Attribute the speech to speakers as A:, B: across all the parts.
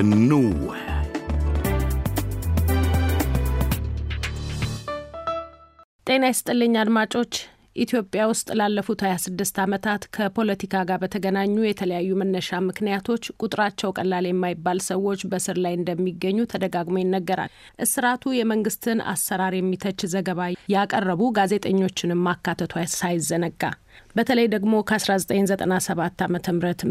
A: النوح
B: ጤና ይስጥልኝ አድማጮች። ኢትዮጵያ ውስጥ ላለፉት 26 ዓመታት ከፖለቲካ ጋር በተገናኙ የተለያዩ መነሻ ምክንያቶች ቁጥራቸው ቀላል የማይባል ሰዎች በስር ላይ እንደሚገኙ ተደጋግሞ ይነገራል። እስራቱ የመንግስትን አሰራር የሚተች ዘገባ ያቀረቡ ጋዜጠኞችንም ማካተቷ ሳይዘነጋ በተለይ ደግሞ ከ1997 ዓ ም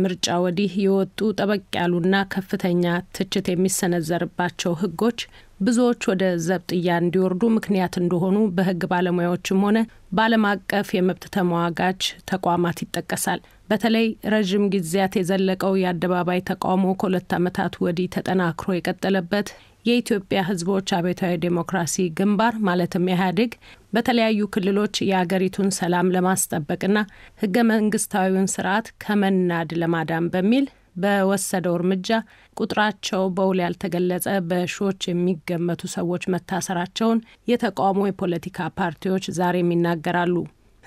B: ምርጫ ወዲህ የወጡ ጠበቅ ያሉና ከፍተኛ ትችት የሚሰነዘርባቸው ህጎች ብዙዎች ወደ ዘብጥያ እንዲወርዱ ምክንያት እንደሆኑ በህግ ባለሙያዎችም ሆነ በዓለም አቀፍ የመብት ተሟጋች ተቋማት ይጠቀሳል። በተለይ ረዥም ጊዜያት የዘለቀው የአደባባይ ተቃውሞ ከሁለት ዓመታት ወዲህ ተጠናክሮ የቀጠለበት የኢትዮጵያ ሕዝቦች አብዮታዊ ዴሞክራሲ ግንባር ማለትም ኢህአዴግ በተለያዩ ክልሎች የአገሪቱን ሰላም ለማስጠበቅና ህገ መንግስታዊውን ስርዓት ከመናድ ለማዳን በሚል በወሰደው እርምጃ ቁጥራቸው በውል ያልተገለጸ በሺዎች የሚገመቱ ሰዎች መታሰራቸውን የተቃውሞ የፖለቲካ ፓርቲዎች ዛሬም ይናገራሉ።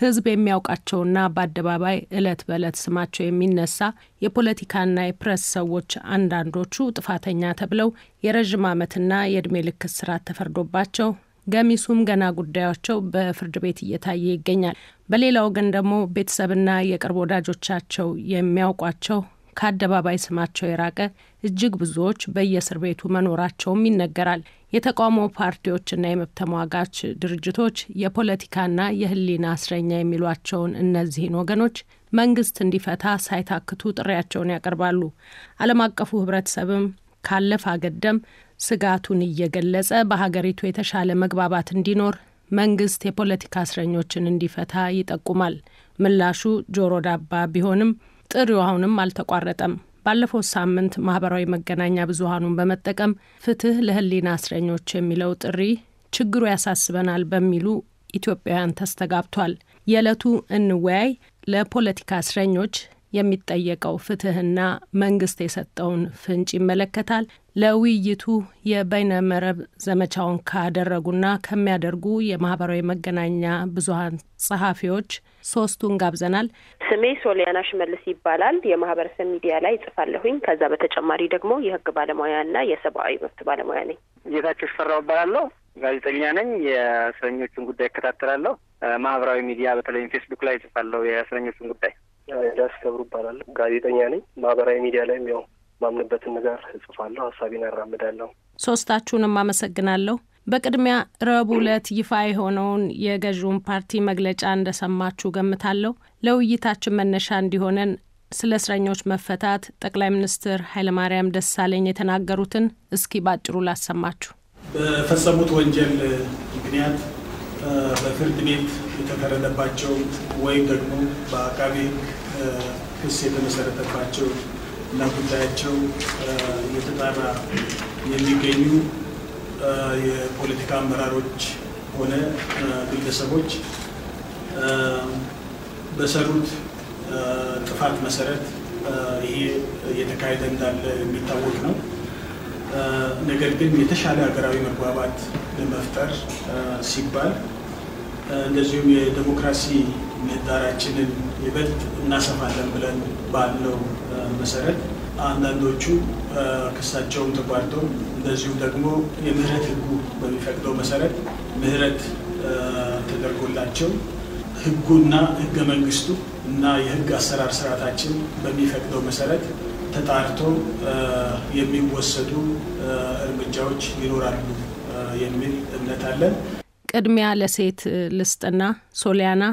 B: ህዝብ የሚያውቃቸውና በአደባባይ እለት በዕለት ስማቸው የሚነሳ የፖለቲካና የፕረስ ሰዎች አንዳንዶቹ ጥፋተኛ ተብለው የረዥም ዓመትና የእድሜ ልክ እስራት ተፈርዶባቸው ገሚሱም ገና ጉዳያቸው በፍርድ ቤት እየታየ ይገኛል። በሌላ ወገን ደግሞ ቤተሰብና የቅርብ ወዳጆቻቸው የሚያውቋቸው ከአደባባይ ስማቸው የራቀ እጅግ ብዙዎች በየእስር ቤቱ መኖራቸውም ይነገራል። የተቃውሞ ፓርቲዎችና የመብት ተሟጋች ድርጅቶች የፖለቲካና የሕሊና እስረኛ የሚሏቸውን እነዚህን ወገኖች መንግስት እንዲፈታ ሳይታክቱ ጥሪያቸውን ያቀርባሉ። ዓለም አቀፉ ሕብረተሰብም ካለፈ አገደም ስጋቱን እየገለጸ በሀገሪቱ የተሻለ መግባባት እንዲኖር መንግስት የፖለቲካ እስረኞችን እንዲፈታ ይጠቁማል። ምላሹ ጆሮ ዳባ ቢሆንም ጥሪው አሁንም አልተቋረጠም። ባለፈው ሳምንት ማህበራዊ መገናኛ ብዙሀኑን በመጠቀም ፍትህ ለህሊና እስረኞች የሚለው ጥሪ ችግሩ ያሳስበናል በሚሉ ኢትዮጵያውያን ተስተጋብቷል። የዕለቱ እንወያይ ለፖለቲካ እስረኞች የሚጠየቀው ፍትህና መንግስት የሰጠውን ፍንጭ ይመለከታል። ለውይይቱ የበይነመረብ ዘመቻውን ካደረጉና ከሚያደርጉ የማህበራዊ መገናኛ ብዙሀን ጸሐፊዎች ሶስቱን ጋብዘናል።
C: ስሜ ሶሊያና ሽመልስ ይባላል። የማህበረሰብ ሚዲያ ላይ ጽፋለሁኝ። ከዛ በተጨማሪ ደግሞ የህግ ባለሙያና የሰብአዊ መብት
D: ባለሙያ ነኝ። ጌታቸው ሽፈራው እባላለሁ። ጋዜጠኛ ነኝ። የእስረኞቹን ጉዳይ እከታተላለሁ። ማህበራዊ ሚዲያ በተለይም ፌስቡክ ላይ ጽፋለሁ የእስረኞቹን ጉዳይ ዳስ ከብሩ እባላለሁ። ጋዜጠኛ ነኝ። ማህበራዊ ሚዲያ ላይም ያው ማምንበትን ነገር እጽፋለሁ፣ ሀሳቤን አራምዳለሁ።
B: ሶስታችሁንም አመሰግናለሁ። በቅድሚያ ረቡዕ ዕለት ይፋ የሆነውን የገዥውን ፓርቲ መግለጫ እንደሰማችሁ ገምታለሁ። ለውይይታችን መነሻ እንዲሆነን ስለ እስረኞች መፈታት ጠቅላይ ሚኒስትር ኃይለማርያም ደሳለኝ የተናገሩትን እስኪ ባጭሩ ላሰማችሁ።
A: በፈጸሙት ወንጀል ምክንያት በፍርድ ቤት የተፈረደባቸው ወይም ደግሞ በአቃቤ ክስ የተመሰረተባቸው እና ጉዳያቸው እየተጣራ የሚገኙ የፖለቲካ አመራሮች ሆነ ግለሰቦች በሰሩት ጥፋት መሰረት ይሄ እየተካሄደ እንዳለ የሚታወቅ ነው። ነገር ግን የተሻለ ሀገራዊ መግባባት ለመፍጠር ሲባል እንደዚሁም የዴሞክራሲ ምህዳራችንን ይበልጥ እናሰፋለን ብለን ባለው መሰረት አንዳንዶቹ ክሳቸውም ተቋርጦ እንደዚሁም ደግሞ የምህረት ህጉ በሚፈቅደው መሰረት ምህረት ተደርጎላቸው ህጉና ህገ መንግስቱ እና የህግ አሰራር ስርዓታችን በሚፈቅደው መሰረት ተጣርቶ የሚወሰዱ እርምጃዎች ይኖራሉ የሚል እምነት አለን።
B: ቅድሚያ ለሴት ልስጥና ሶሊያና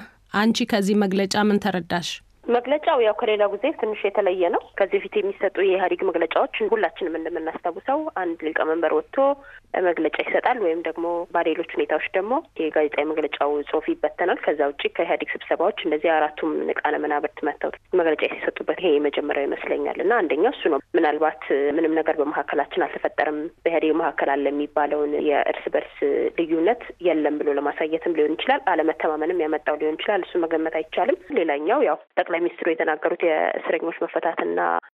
B: አንቺ ከዚህ መግለጫ ምን ተረዳሽ?
C: መግለጫው ያው ከሌላ ጊዜ ትንሽ የተለየ ነው። ከዚህ በፊት የሚሰጡ የኢህአዴግ መግለጫዎች ሁላችንም እንደምናስታውሰው አንድ ሊቀመንበር ወጥቶ መግለጫ ይሰጣል ወይም ደግሞ በሌሎች ሁኔታዎች ደግሞ የጋዜጣዊ መግለጫው ጽሁፍ ይበተናል። ከዛ ውጭ ከኢህአዴግ ስብሰባዎች እንደዚህ አራቱም ንቃነ መናብርት መጥተው መግለጫ ሲሰጡበት ይሄ የመጀመሪያው ይመስለኛል እና አንደኛው እሱ ነው። ምናልባት ምንም ነገር በመካከላችን አልተፈጠረም በኢህአዴግ መካከል አለ የሚባለውን የእርስ በርስ ልዩነት የለም ብሎ ለማሳየትም ሊሆን ይችላል። አለመተማመንም ያመጣው ሊሆን ይችላል። እሱ መገመት አይቻልም። ሌላኛው ያው ጠቅላይ ሚኒስትሩ የተናገሩት የእስረኞች መፈታትና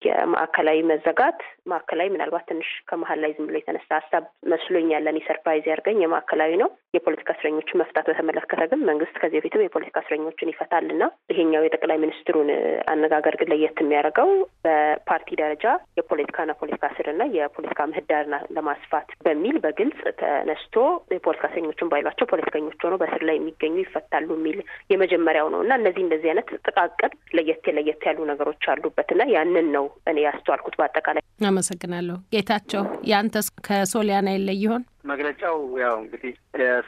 C: የማዕከላዊ መዘጋት ማዕከላዊ ምናልባት ትንሽ ከመሀል ላይ ዝም ብሎ የተነሳ ሀሳብ መስ መስሎኛል። እኔ ሰርፕራይዝ ያርገኝ የማዕከላዊ ነው። የፖለቲካ እስረኞችን መፍታት በተመለከተ ግን መንግስት ከዚህ በፊትም የፖለቲካ እስረኞችን ይፈታልና ይሄኛው የጠቅላይ ሚኒስትሩን አነጋገር ግን ለየት የሚያደርገው በፓርቲ ደረጃ የፖለቲካና ፖለቲካ እስርና የፖለቲካ ምህዳርና ለማስፋት በሚል በግልጽ ተነስቶ የፖለቲካ እስረኞችን ባይሏቸው ፖለቲከኞች ሆነው በእስር ላይ የሚገኙ ይፈታሉ የሚል የመጀመሪያው ነው እና እነዚህ እንደዚህ አይነት ጥቃቅን ለየት ለየት ያሉ ነገሮች አሉበት እና
D: ያንን ነው እኔ ያስተዋልኩት። በአጠቃላይ
B: አመሰግናለሁ ጌታቸው። የአንተስ ከሶሊያና የለ ይሆን?
D: መግለጫው ያው እንግዲህ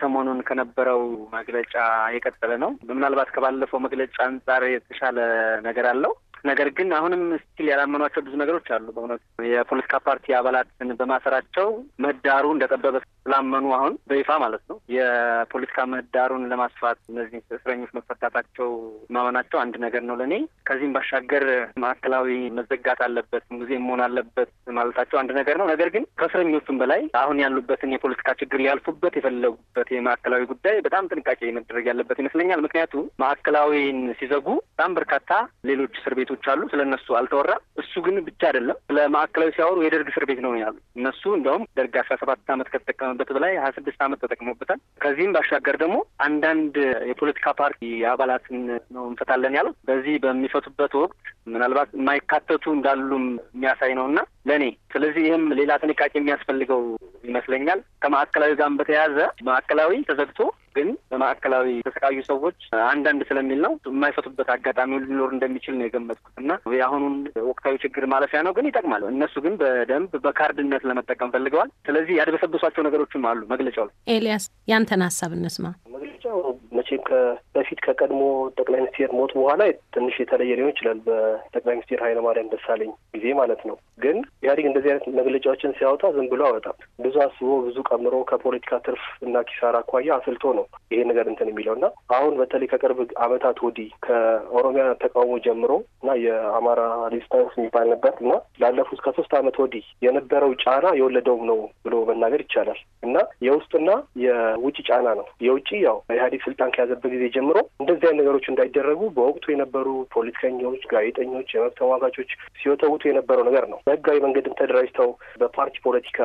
D: ሰሞኑን ከነበረው መግለጫ የቀጠለ ነው። ምናልባት ከባለፈው መግለጫ አንጻር የተሻለ ነገር አለው። ነገር ግን አሁንም ስቲል ያላመኗቸው ብዙ ነገሮች አሉ። በእውነቱ የፖለቲካ ፓርቲ አባላትን በማሰራቸው ምህዳሩ እንደጠበበ ስላመኑ አሁን በይፋ ማለት ነው የፖለቲካ ምህዳሩን ለማስፋት እነዚህ እስረኞች መፈታታቸው ማመናቸው አንድ ነገር ነው ለእኔ። ከዚህም ባሻገር ማዕከላዊ መዘጋት አለበት ሙዚየም መሆን አለበት ማለታቸው አንድ ነገር ነው። ነገር ግን ከእስረኞቹም በላይ አሁን ያሉበትን የፖለቲካ ችግር ሊያልፉበት የፈለጉበት የማዕከላዊ ጉዳይ በጣም ጥንቃቄ መደረግ ያለበት ይመስለኛል። ምክንያቱም ማዕከላዊን ሲዘጉ በጣም በርካታ ሌሎች እስር ቤት ቤቶች አሉ። ስለ እነሱ አልተወራም። እሱ ግን ብቻ አይደለም። ስለ ማዕከላዊ ሲያወሩ የደርግ እስር ቤት ነው ያሉ እነሱ እንደውም ደርግ አስራ ሰባት ዓመት ከተጠቀመበት በላይ ሀያ ስድስት አመት ተጠቅሞበታል። ከዚህም ባሻገር ደግሞ አንዳንድ የፖለቲካ ፓርቲ አባላትን ነው እንፈታለን ያሉት በዚህ በሚፈቱበት ወቅት ምናልባት የማይካተቱ እንዳሉም የሚያሳይ ነው እና ለእኔ ስለዚህ ይህም ሌላ ጥንቃቄ የሚያስፈልገው ይመስለኛል። ከማዕከላዊ ጋርም በተያያዘ ማዕከላዊ ተዘግቶ ግን በማዕከላዊ የተሰቃዩ ሰዎች አንዳንድ ስለሚል ነው የማይፈቱበት አጋጣሚ ሊኖር እንደሚችል ነው የገመጥኩት እና የአሁኑን ወቅታዊ ችግር ማለፊያ ነው ግን ይጠቅማል። እነሱ ግን በደንብ በካርድነት ለመጠቀም ፈልገዋል። ስለዚህ ያደበሰበሷቸው ነገሮችም አሉ መግለጫው ላይ።
B: ኤልያስ ያንተን ሀሳብ እንስማ።
D: መግለጫው መቼም በፊት ከቀድሞ ጠቅላይ ሚኒስቴር ሞት በኋላ ትንሽ የተለየ ሊሆን ይችላል። በጠቅላይ ሚኒስቴር ኃይለማርያም ደሳለኝ ጊዜ ማለት ነው። ግን ኢህአዴግ እንደዚህ አይነት መግለጫዎችን ሲያወጣ ዝም ብሎ አወጣም። ብዙ አስቦ ብዙ ቀምሮ ከፖለቲካ ትርፍ እና ኪሳራ አኳያ አስልቶ ነው ይሄ ነገር እንትን የሚለው እና አሁን በተለይ ከቅርብ ዓመታት ወዲህ ከኦሮሚያ ተቃውሞ ጀምሮ እና የአማራ ሬዚስታንስ የሚባል ነበር እና ላለፉት ከሶስት ዓመት ወዲህ የነበረው ጫና የወለደውም ነው ብሎ መናገር ይቻላል እና የውስጥና የውጭ ጫና ነው። የውጭ ያው ኢህአዴግ ስልጣን ከያዘበት ጊዜ ጀምሮ ጀምሮ እንደዚህ አይነት ነገሮች እንዳይደረጉ በወቅቱ የነበሩ ፖለቲከኞች፣ ጋዜጠኞች፣ የመብት ተሟጋቾች ሲወተውቱ የነበረው ነገር ነው። በህጋዊ መንገድም ተደራጅተው በፓርቲ ፖለቲካ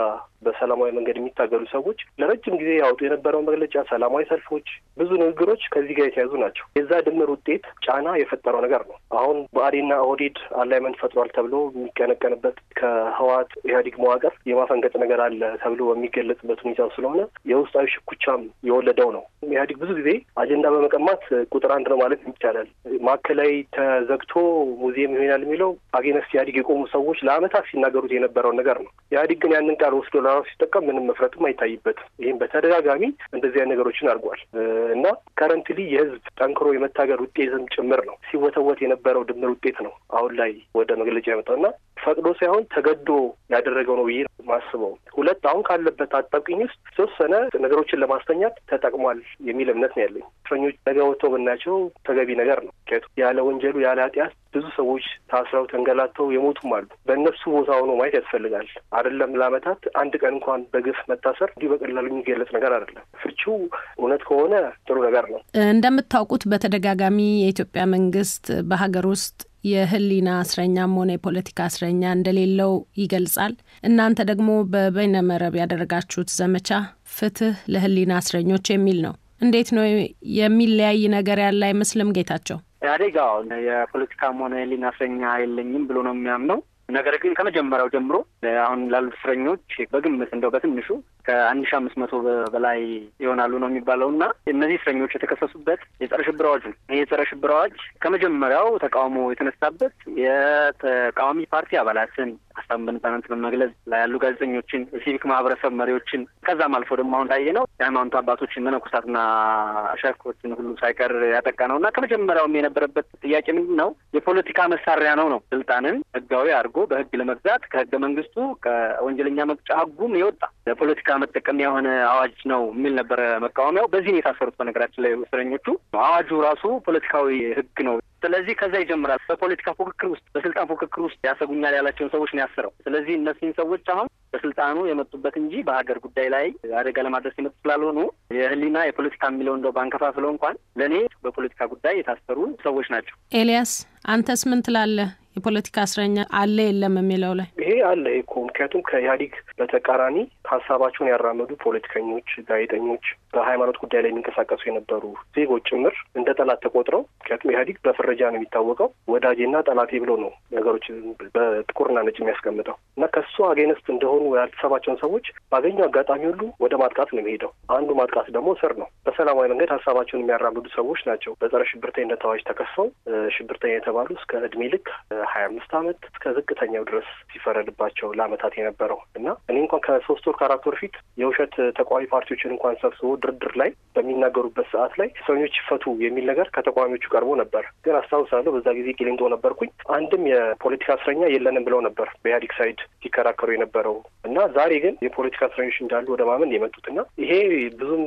D: በሰላማዊ መንገድ የሚታገሉ ሰዎች ለረጅም ጊዜ ያወጡ የነበረው መግለጫ፣ ሰላማዊ ሰልፎች፣ ብዙ ንግግሮች ከዚህ ጋር የተያዙ ናቸው። የዛ ድምር ውጤት ጫና የፈጠረው ነገር ነው። አሁን ብአዴና ኦህዴድ አላይመንት ፈጥሯል ተብሎ የሚቀነቀንበት ከህወሓት ኢህአዴግ መዋቅር የማፈንገጥ ነገር አለ ተብሎ በሚገለጽበት ሁኔታ ስለሆነ የውስጣዊ ሽኩቻም የወለደው ነው። ኢህአዴግ ብዙ ጊዜ አጀንዳ በመቀማ መጥፋት ቁጥር አንድ ነው ማለት ይቻላል። ማዕከላዊ ተዘግቶ ሙዚየም ይሆናል የሚለው አጌነስ ኢህአዲግ የቆሙ ሰዎች ለአመታት ሲናገሩት የነበረውን ነገር ነው። ኢህአዲግ ግን ያንን ቃል ወስዶ ለራሱ ሲጠቀም ምንም መፍረጥም አይታይበትም። ይህም በተደጋጋሚ እንደዚህ አይነት ነገሮችን አድርጓል እና ከረንትሊ የህዝብ ጠንክሮ የመታገል ውጤትም ጭምር ነው ሲወተወት የነበረው ድምር ውጤት ነው አሁን ላይ ወደ መግለጫ ያመጣው እና ፈቅዶ ሳይሆን ተገዶ ያደረገው ነው ብዬ ማስበው። ሁለት አሁን ካለበት አጣብቂኝ ውስጥ የተወሰነ ነገሮችን ለማስተኛት ተጠቅሟል የሚል እምነት ነው ያለኝ። እስረኞች ነገ ወጥተው ብናያቸው ተገቢ ነገር ነው። ምክንያቱም ያለ ወንጀሉ ያለ ኃጢአት ብዙ ሰዎች ታስረው ተንገላተው የሞቱም አሉ። በእነሱ ቦታ ሆኖ ማየት ያስፈልጋል። አይደለም ለአመታት አንድ ቀን እንኳን በግፍ መታሰር እንዲሁ በቀላሉ የሚገለጽ ነገር አይደለም። ፍቺው እውነት ከሆነ ጥሩ ነገር ነው።
B: እንደምታውቁት በተደጋጋሚ የኢትዮጵያ መንግስት በሀገር ውስጥ የህሊና እስረኛም ሆነ የፖለቲካ እስረኛ እንደሌለው ይገልጻል። እናንተ ደግሞ በበይነመረብ ያደረጋችሁት ዘመቻ ፍትህ ለህሊና እስረኞች የሚል ነው። እንዴት ነው የሚለያይ ነገር ያለ አይመስልም። ጌታቸው
D: ኢህአዴግ የፖለቲካም ሆነ የህሊና እስረኛ የለኝም ብሎ ነው የሚያምነው። ነገር ግን ከመጀመሪያው ጀምሮ አሁን ላሉት እስረኞች በግምት እንደው በትንሹ ከአንድ ሺ አምስት መቶ በላይ ይሆናሉ ነው የሚባለው እና እነዚህ እስረኞች የተከሰሱበት የጸረ ሽብር አዋጅ ነው። ይህ የጸረ ሽብር አዋጅ ከመጀመሪያው ተቃውሞ የተነሳበት የተቃዋሚ ፓርቲ አባላትን ሀሳብን በነጻነት በመግለጽ ላይ ያሉ ጋዜጠኞችን፣ የሲቪክ ማህበረሰብ መሪዎችን ከዛም አልፎ ደግሞ አሁን ላየ ነው የሃይማኖት አባቶችን መነኮሳትና ሸኮችን ሁሉ ሳይቀር ያጠቃ ነው እና ከመጀመሪያውም የነበረበት ጥያቄ ምንድን ነው? የፖለቲካ መሳሪያ ነው ነው ስልጣንን ህጋዊ አድርጎ በህግ ለመግዛት ከህገ መንግስቱ ከወንጀለኛ መቅጫ ህጉም የወጣ ለፖለቲካ መጠቀሚያ የሆነ አዋጅ ነው የሚል ነበረ መቃወሚያው። በዚህ ነው የታሰሩት። በነገራችን ላይ እስረኞቹ አዋጁ ራሱ ፖለቲካዊ ህግ ነው። ስለዚህ ከዛ ይጀምራል። በፖለቲካ ፉክክር ውስጥ፣ በስልጣን ፉክክር ውስጥ ያሰጉኛል ያላቸውን ሰዎች ነው ያስረው። ስለዚህ እነዚህን ሰዎች አሁን በስልጣኑ የመጡበት እንጂ በሀገር ጉዳይ ላይ አደጋ ለማድረስ የመጡ ስላልሆኑ የህሊና የፖለቲካ የሚለው እንደው ባንከፋፍለው እንኳን ለእኔ በፖለቲካ ጉዳይ የታሰሩ ሰዎች ናቸው።
B: ኤልያስ አንተስ ምን ትላለህ? የፖለቲካ እስረኛ አለ የለም የሚለው ላይ
D: ይሄ አለ እኮ ምክንያቱም ከኢህአዴግ በተቃራኒ ሀሳባቸውን ያራመዱ ፖለቲከኞች፣ ጋዜጠኞች፣ በሃይማኖት ጉዳይ ላይ የሚንቀሳቀሱ የነበሩ ዜጎች ጭምር እንደ ጠላት ተቆጥረው ምክንያቱም ኢህአዴግ በፍረጃ ነው የሚታወቀው። ወዳጄና ጠላቴ ብሎ ነው ነገሮች በጥቁርና ነጭ የሚያስቀምጠው እና ከሱ አጌንስት እንደሆኑ ያልተሰባቸውን ሰዎች ባገኙ አጋጣሚ ሁሉ ወደ ማጥቃት ነው የሚሄደው። አንዱ ማጥቃት ደግሞ እስር ነው። በሰላማዊ መንገድ ሀሳባቸውን የሚያራምዱ ሰዎች ናቸው በጸረ ሽብርተኝነት አዋጅ ተከሰው ሽብርተኛ የተባሉ እስከ እድሜ ልክ ሀያ አምስት አመት እስከ ዝቅተኛው ድረስ ሲፈረድባቸው ለአመታት የነበረው እና እኔ እንኳን ከሶስት ወር ከአራት ወር ፊት የውሸት ተቃዋሚ ፓርቲዎችን እንኳን ሰብስቦ ድርድር ላይ በሚናገሩበት ሰዓት ላይ እስረኞች ይፈቱ የሚል ነገር ከተቃዋሚዎቹ ቀርቦ ነበር። ግን አስታውሳለሁ በዛ ጊዜ ቂሊንጦ ነበርኩኝ። አንድም የፖለቲካ እስረኛ የለንም ብለው ነበር በኢህአዴግ ሳይድ ሲከራከሩ የነበረው እና ዛሬ ግን የፖለቲካ እስረኞች እንዳሉ ወደ ማመን የመጡት እና ይሄ ብዙም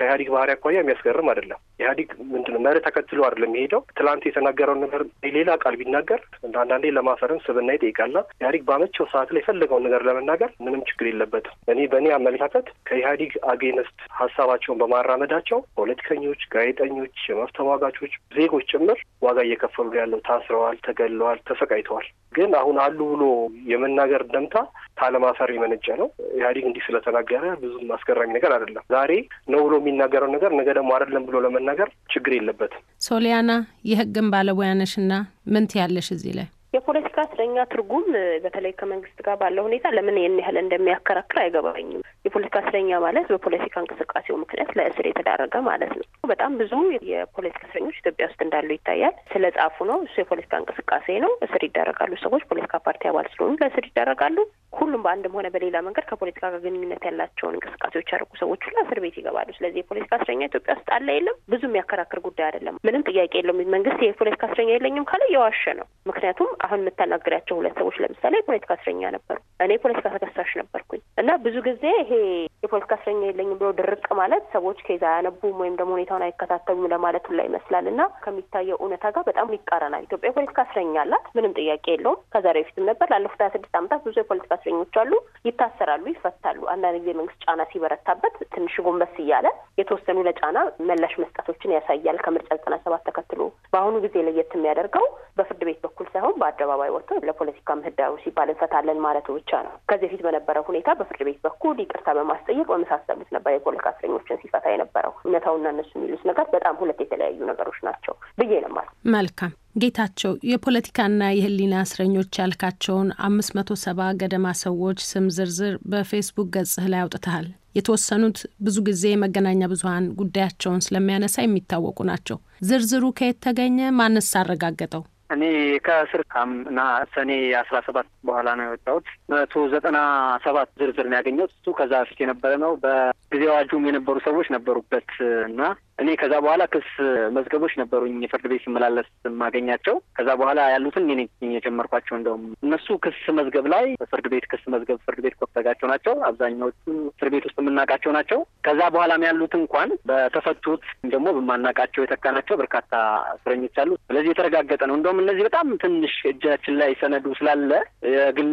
D: ከኢህአዴግ ባህሪ አኳያ የሚያስገርም አይደለም። ኢህአዴግ ምንድነው መርህ ተከትሎ አይደለም የሄደው። ትላንት የተናገረውን ነገር ሌላ ቃል ቢናገር አንዳንዴ ለማፈርም ስብና ይጠይቃልና ኢህአዴግ ባመቸው ሰዓት ላይ የፈለገውን ነገር ለመናገር ምንም ችግር የለበትም። እኔ በእኔ አመለካከት ከኢህአዴግ አጌንስት ሀሳባቸውን በማራመዳቸው ፖለቲከኞች፣ ጋዜጠኞች፣ የመብት ተሟጋቾች፣ ዜጎች ጭምር ዋጋ እየከፈሉ ያለው ታስረዋል፣ ተገለዋል፣ ተሰቃይተዋል። ግን አሁን አሉ ብሎ የመናገር ደምታ ካለማፈር የመነጨ ነው። ኢህአዴግ እንዲህ ስለተናገረ ብዙም አስገራሚ ነገር አይደለም። ዛሬ ነው ብሎ የሚናገረው ነገር ነገ ደግሞ አይደለም ብሎ ለመናገር ችግር የለበትም።
B: ሶሊያና የህግን ባለሙያ ነሽና ምን ትያለሽ እዚህ ላይ?
C: የፖለቲካ እስረኛ ትርጉም በተለይ ከመንግስት ጋር ባለው ሁኔታ ለምን ይህን ያህል እንደሚያከራክር አይገባኝም። የፖለቲካ እስረኛ ማለት በፖለቲካ እንቅስቃሴው ምክንያት ለእስር የተዳረገ ማለት ነው። በጣም ብዙ የፖለቲካ እስረኞች ኢትዮጵያ ውስጥ እንዳሉ ይታያል። ስለ ጻፉ ነው እሱ የፖለቲካ እንቅስቃሴ ነው እስር ይዳረጋሉ። ሰዎች ፖለቲካ ፓርቲ አባል ስለሆኑ ለእስር ይዳረጋሉ። ሁሉም በአንድም ሆነ በሌላ መንገድ ከፖለቲካ ጋር ግንኙነት ያላቸውን እንቅስቃሴዎች ያደርጉ ሰዎች ሁሉ እስር ቤት ይገባሉ። ስለዚህ የፖለቲካ እስረኛ ኢትዮጵያ ውስጥ አለ የለም ብዙ የሚያከራክር ጉዳይ አይደለም። ምንም ጥያቄ የለውም። መንግስት የፖለቲካ እስረኛ የለኝም ካለ የዋሸ ነው። ምክንያቱም አሁን የምታናግሪያቸው ሁለት ሰዎች ለምሳሌ የፖለቲካ እስረኛ ነበሩ፣ እኔ የፖለቲካ ተከሳሽ ነበርኩኝ እና ብዙ ጊዜ Hey የፖለቲካ እስረኛ የለኝም ብሎ ድርቅ ማለት ሰዎች ከዛ አያነቡም ወይም ደግሞ ሁኔታውን አይከታተሉም ለማለት ላይ ይመስላል እና ከሚታየው እውነታ ጋር በጣም ይቃረናል። ኢትዮጵያ የፖለቲካ እስረኛ አላት፣ ምንም ጥያቄ የለውም። ከዛሬ በፊትም ነበር። ላለፉት ሀያ ስድስት ዓመታት ብዙ የፖለቲካ እስረኞች አሉ፣ ይታሰራሉ፣ ይፈታሉ። አንዳንድ ጊዜ መንግስት ጫና ሲበረታበት ትንሽ ጎንበስ እያለ የተወሰኑ ለጫና መላሽ መስጠቶችን ያሳያል። ከምርጫ ዘጠና ሰባት ተከትሎ በአሁኑ ጊዜ ለየት የሚያደርገው በፍርድ ቤት በኩል ሳይሆን በአደባባይ ወጥቶ ለፖለቲካ ምህዳሩ ሲባል እንፈታለን ማለቱ ብቻ ነው። ከዚህ በፊት በነበረው ሁኔታ በፍርድ ቤት በኩል ይቅርታ በማስ ማስጠየቅ በመሳሰሉት ነበር የፖለቲካ እስረኞችን ሲፈታ የነበረው። እውነታውና እነሱ የሚሉት ነገር በጣም ሁለት የተለያዩ ነገሮች ናቸው ብዬ ነማል።
B: መልካም ጌታቸው፣ የፖለቲካና የህሊና እስረኞች ያልካቸውን አምስት መቶ ሰባ ገደማ ሰዎች ስም ዝርዝር በፌስቡክ ገጽህ ላይ አውጥተሃል። የተወሰኑት ብዙ ጊዜ የመገናኛ ብዙሀን ጉዳያቸውን ስለሚያነሳ የሚታወቁ ናቸው። ዝርዝሩ ከየት ተገኘ? ማንስ አረጋገጠው?
D: እኔ ከእስር እና ሰኔ አስራ ሰባት በኋላ ነው የወጣሁት። መቶ ዘጠና ሰባት ዝርዝር ነው ያገኘሁት። እሱ ከዛ በፊት የነበረ ነው። በጊዜ አዋጁም የነበሩ ሰዎች ነበሩበት እና እኔ ከዛ በኋላ ክስ መዝገቦች ነበሩኝ ፍርድ ቤት ሲመላለስ የማገኛቸው። ከዛ በኋላ ያሉትን እኔ የጀመርኳቸው። እንደውም እነሱ ክስ መዝገብ ላይ ፍርድ ቤት ክስ መዝገብ ፍርድ ቤት ኮፈጋቸው ናቸው። አብዛኛዎቹ እስር ቤት ውስጥ የምናውቃቸው ናቸው። ከዛ በኋላም ያሉት እንኳን በተፈቱት ደግሞ የተካ የተካናቸው በርካታ እስረኞች አሉ። ስለዚህ የተረጋገጠ ነው። እንደውም እነዚህ በጣም ትንሽ እጃችን ላይ ሰነዱ ስላለ የግል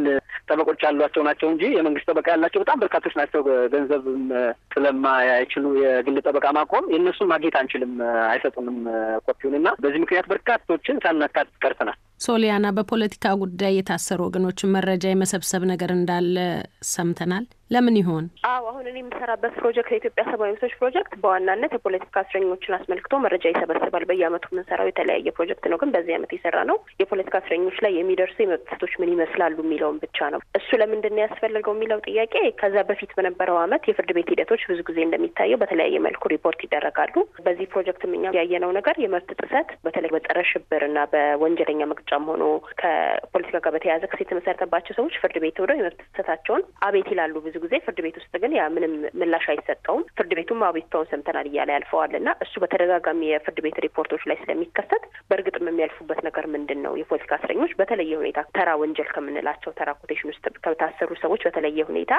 D: ጠበቆች ያሏቸው ናቸው እንጂ የመንግስት ጠበቃ ያላቸው በጣም በርካቶች ናቸው። ገንዘብ ስለማይችሉ የግል ጠበቃ ማቆም የእነሱን ማግኘት አንችልም፣ አይሰጡንም ኮፒውን እና በዚህ ምክንያት በርካቶችን ሳናካት ቀርተናል።
B: ሶሊያና በፖለቲካ ጉዳይ የታሰሩ ወገኖችን መረጃ የመሰብሰብ ነገር እንዳለ ሰምተናል። ለምን ይሆን?
C: አዎ አሁን እኔ የምሰራበት ፕሮጀክት የኢትዮጵያ ሰብአዊ መብቶች ፕሮጀክት በዋናነት የፖለቲካ እስረኞችን አስመልክቶ መረጃ ይሰበስባል። በየአመቱ የምንሰራው የተለያየ ፕሮጀክት ነው፣ ግን በዚህ አመት የሰራ ነው የፖለቲካ እስረኞች ላይ የሚደርሱ የመብት ጥሰቶች ምን ይመስላሉ የሚለውን ብቻ ነው። እሱ ለምንድን ነው ያስፈልገው የሚለው ጥያቄ ከዛ በፊት በነበረው አመት የፍርድ ቤት ሂደቶች ብዙ ጊዜ እንደሚታየው በተለያየ መልኩ ሪፖርት ይደረጋሉ። በዚህ ፕሮጀክት እኛ ያየነው ነገር የመብት ጥሰት በተለይ በጸረ ሽብር እና በወንጀለኛ መቅጫ ምርጫም ሆኖ ከፖለቲካ ጋር በተያያዘ ክስ የተመሰረተባቸው ሰዎች ፍርድ ቤት ሄደው የመብት ጥሰታቸውን አቤት ይላሉ። ብዙ ጊዜ ፍርድ ቤት ውስጥ ግን ያ ምንም ምላሽ አይሰጠውም። ፍርድ ቤቱም አቤቱታውን ሰምተናል እያለ ያልፈዋል እና እሱ በተደጋጋሚ የፍርድ ቤት ሪፖርቶች ላይ ስለሚከሰት በእርግጥም የሚያልፉበት ነገር ምንድን ነው? የፖለቲካ እስረኞች በተለየ ሁኔታ ተራ ወንጀል ከምንላቸው ተራ ኮቴሽን ውስጥ ከታሰሩ ሰዎች በተለየ ሁኔታ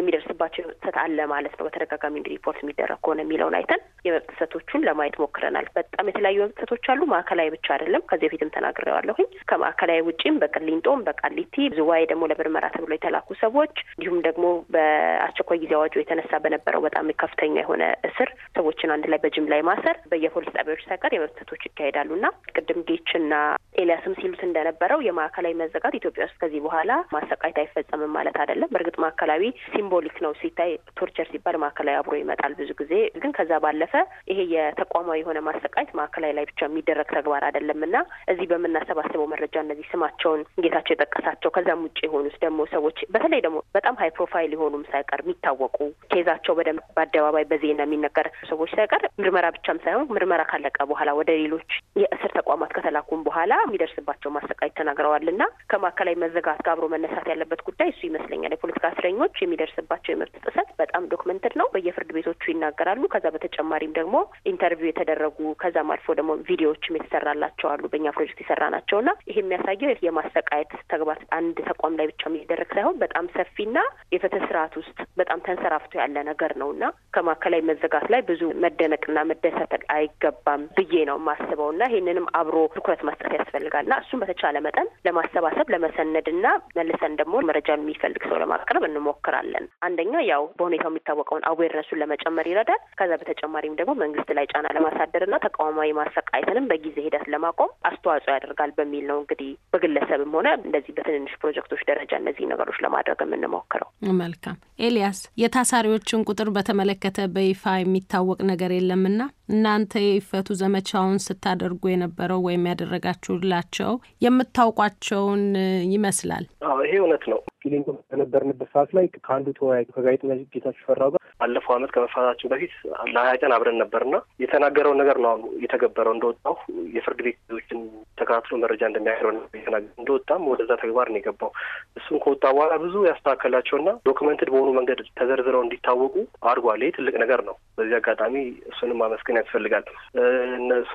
C: የሚደርስባቸው ጥሰት አለ ማለት ነው። በተደጋጋሚ ሪፖርት የሚደረግ ከሆነ የሚለውን አይተን የመብት ጥሰቶቹን ለማየት ሞክረናል። በጣም የተለያዩ መብት ጥሰቶች አሉ። ማዕከላዊ ብቻ አይደለም። ከዚህ በፊትም ተናግሬዋለሁኝ። ከማዕከላዊ ውጪም በቅሊንጦም በቃሊቲ ዝዋይ ደግሞ ለምርመራ ተብሎ የተላኩ ሰዎች እንዲሁም ደግሞ በአስቸኳይ ጊዜ አዋጁ የተነሳ በነበረው በጣም ከፍተኛ የሆነ እስር ሰዎችን አንድ ላይ በጅምላ ማሰር በየፖሊስ ጣቢያዎች ሳይቀር የመብተቶች ይካሄዳሉ ና ቅድም ጌችና ኤልያስም ሲሉት እንደነበረው የማዕከላዊ መዘጋት ኢትዮጵያ ውስጥ ከዚህ በኋላ ማሰቃየት አይፈጸምም ማለት አይደለም። በእርግጥ ማዕከላዊ ሲምቦሊክ ነው ሲታይ ቶርቸር ሲባል ማዕከላዊ አብሮ ይመጣል ብዙ ጊዜ ግን ከዛ ባለፈ ይሄ የተቋማዊ የሆነ ማሰቃየት ማዕከላዊ ላይ ብቻ የሚደረግ ተግባር አይደለም እና እዚህ በምናሰባስበው መረጃ እነዚህ ስማቸውን ጌታቸው የጠቀሳቸው ከዛም ውጭ የሆኑት ደግሞ ሰዎች በተለይ ደግሞ በጣም ሀይ ፕሮፋይል የሆኑም ሳይቀር የሚታወቁ ኬዛቸው በደንብ በአደባባይ በዜና የሚነገር ሰዎች ሳይቀር ምርመራ ብቻም ሳይሆን ምርመራ ካለቀ በኋላ ወደ ሌሎች የእስር ተቋማት ከተላኩም በኋላ የሚደርስባቸው ማሰቃየት ተናግረዋል እና ከማዕከላዊ መዘጋት ጋር አብሮ መነሳት ያለበት ጉዳይ እሱ ይመስለኛል። የፖለቲካ እስረኞች የሚደርስባቸው የመብት ጥሰት በጣም ዶክመንትድ ነው፣ በየፍርድ ቤቶቹ ይናገራሉ። ከዛ በተጨማሪም ደግሞ ኢንተርቪው የተደረጉ ከዛም አልፎ ደግሞ ቪዲዮዎችም የተሰራላቸው አሉ። በእኛ ፕሮጀክት የሰራ ናቸው ይህ የሚያሳየው የማሰቃየት ተግባር አንድ ተቋም ላይ ብቻ የሚደረግ ሳይሆን በጣም ሰፊና የፍትህ ስርዓት ውስጥ በጣም ተንሰራፍቶ ያለ ነገር ነው እና ከማዕከላዊ መዘጋት ላይ ብዙ መደነቅና መደሰት አይገባም ብዬ ነው የማስበው እና ይህንንም አብሮ ትኩረት መስጠት ያስፈልጋል እና እሱም በተቻለ መጠን ለማሰባሰብ ለመሰነድና መልሰን ደግሞ መረጃ የሚፈልግ ሰው ለማቅረብ እንሞክራለን። አንደኛ ያው በሁኔታው የሚታወቀውን አዌርነሱን ለመጨመር ይረዳል። ከዛ በተጨማሪም ደግሞ መንግስት ላይ ጫና ለማሳደርና ተቃዋማዊ ማሰቃየትንም በጊዜ ሂደት ለማቆም አስተዋጽኦ ያደርጋል በሚል በሚል ነው እንግዲህ በግለሰብም ሆነ እንደዚህ በትንንሽ ፕሮጀክቶች ደረጃ እነዚህ ነገሮች ለማድረግ የምንሞክረው።
B: መልካም ኤልያስ፣ የታሳሪዎችን ቁጥር በተመለከተ በይፋ የሚታወቅ ነገር የለምና እናንተ የይፈቱ ዘመቻውን ስታደርጉ የነበረው ወይም ያደረጋችሁላቸው የምታውቋቸውን ይመስላል።
D: አዎ ይሄ እውነት ነው። ቂሊንጦ በነበርንበት ሰዓት ላይ ከአንዱ ተወያዩ ከጋዜጠኛ ጌታቸው ፈራው ጋር ባለፈው አመት ከመፋታችን በፊት ለሀያ ቀን አብረን ነበርና የተናገረው ነገር ነው የተገበረው። እንደወጣሁ የፍርድ ቤት ዜዎችን ተከታትሎ መረጃ እንደሚያቀርብ እንደወጣም ወደዛ ተግባር ነው የገባው። እሱም ከወጣ በኋላ ብዙ ያስተካከላቸውና ዶክመንትድ በሆኑ መንገድ ተዘርዝረው እንዲታወቁ አድርጓል። ይህ ትልቅ ነገር ነው። በዚህ አጋጣሚ እሱንም ማመስገን ያስፈልጋል።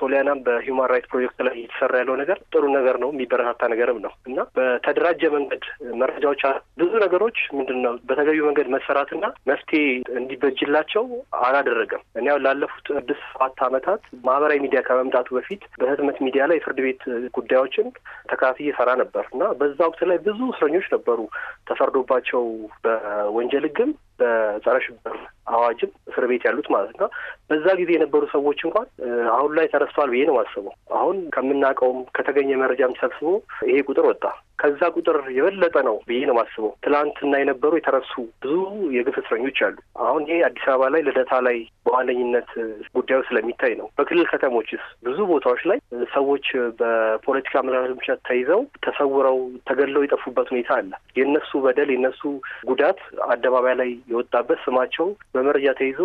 D: ሶሊያናም በሂውማን ራይት ፕሮጀክት ላይ እየተሰራ ያለው ነገር ጥሩ ነገር ነው፣ የሚበረታታ ነገርም ነው እና በተደራጀ መንገድ መረጃዎች ብዙ ነገሮች ምንድን ነው በተገቢ መንገድ መሰራትና መፍትሄ እንዲበጅላቸው አላደረገም። እኔ ያው ላለፉት ስድስት ሰባት አመታት ማህበራዊ ሚዲያ ከመምጣቱ በፊት በህትመት ሚዲያ ላይ የፍርድ ቤት ጉዳዮችን ተከታትዬ እሰራ ነበር እና በዛ ወቅት ላይ ብዙ እስረኞች ነበሩ ተፈርዶባቸው በወንጀል ህግም በጸረ ሽብር አዋጅም እስር ቤት ያሉት ማለት ነው። በዛ ጊዜ የነበሩ ሰዎች እንኳን አሁን ላይ ተረስተዋል ብዬ ነው የማስበው። አሁን ከምናውቀውም ከተገኘ መረጃም ተሰብስቦ ይሄ ቁጥር ወጣ። ከዛ ቁጥር የበለጠ ነው ብዬ ነው የማስበው። ትላንትና የነበሩ የተረሱ ብዙ የግፍ እስረኞች አሉ። አሁን ይሄ አዲስ አበባ ላይ ልደታ ላይ በዋነኝነት ጉዳዩ ስለሚታይ ነው። በክልል ከተሞችስ ብዙ ቦታዎች ላይ ሰዎች በፖለቲካ አመለካከት ብቻ ተይዘው ተሰውረው ተገለው የጠፉበት ሁኔታ አለ። የእነሱ በደል የእነሱ ጉዳት አደባባይ ላይ የወጣበት ስማቸው በመረጃ ተይዞ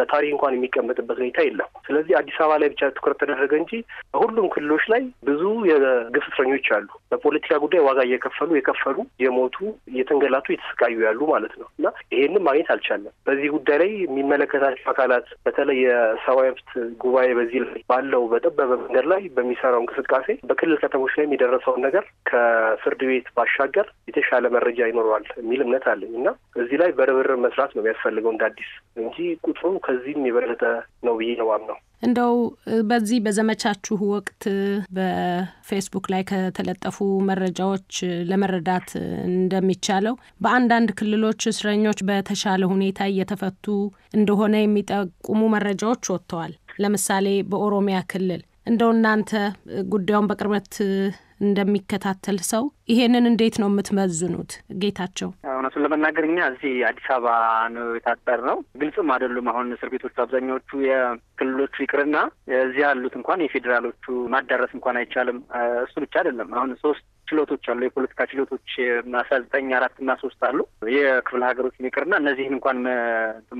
D: ለታሪክ እንኳን የሚቀመጥበት ሁኔታ የለም። ስለዚህ አዲስ አበባ ላይ ብቻ ትኩረት ተደረገ እንጂ በሁሉም ክልሎች ላይ ብዙ የግፍ እስረኞች አሉ። በፖለቲካ ጉዳይ ዋጋ እየከፈሉ የከፈሉ የሞቱ እየተንገላቱ እየተሰቃዩ ያሉ ማለት ነው እና ይሄንም ማግኘት አልቻለም። በዚህ ጉዳይ ላይ የሚመለከታቸው አካላት በተለይ የሰብአዊ መብት ጉባኤ በዚህ ላይ ባለው በጠበበ መንገድ ላይ በሚሰራው እንቅስቃሴ በክልል ከተሞች ላይ የደረሰውን ነገር ከፍርድ ቤት ባሻገር የተሻለ መረጃ ይኖረዋል የሚል እምነት አለኝ እና እዚህ ላይ በርብርብ መስራት ነው የሚያስፈልገው እንደ አዲስ እንጂ ቁጥሩ ከዚህም የበለጠ ነው ብዬ ነው የማምነው።
B: እንደው በዚህ በዘመቻችሁ ወቅት በፌስቡክ ላይ ከተለጠፉ መረጃዎች ለመረዳት እንደሚቻለው በአንዳንድ ክልሎች እስረኞች በተሻለ ሁኔታ እየተፈቱ እንደሆነ የሚጠቁሙ መረጃዎች ወጥተዋል። ለምሳሌ በኦሮሚያ ክልል እንደው እናንተ ጉዳዩን በቅርበት እንደሚከታተል ሰው ይሄንን እንዴት ነው የምትመዝኑት? ጌታቸው፣
D: እውነቱን ለመናገር እኛ እዚህ አዲስ አበባ ነው የታጠር ነው። ግልጽም አይደሉም። አሁን እስር ቤቶቹ አብዛኛዎቹ የክልሎቹ ይቅርና እዚህ ያሉት እንኳን የፌዴራሎቹ ማዳረስ እንኳን አይቻልም። እሱ ብቻ አይደለም። አሁን ሶስት ችሎቶች አሉ። የፖለቲካ ችሎቶች አስራ ዘጠኝ አራት እና ሶስት አሉ። የክፍለ ሀገሮች ይቅርና እነዚህን እንኳን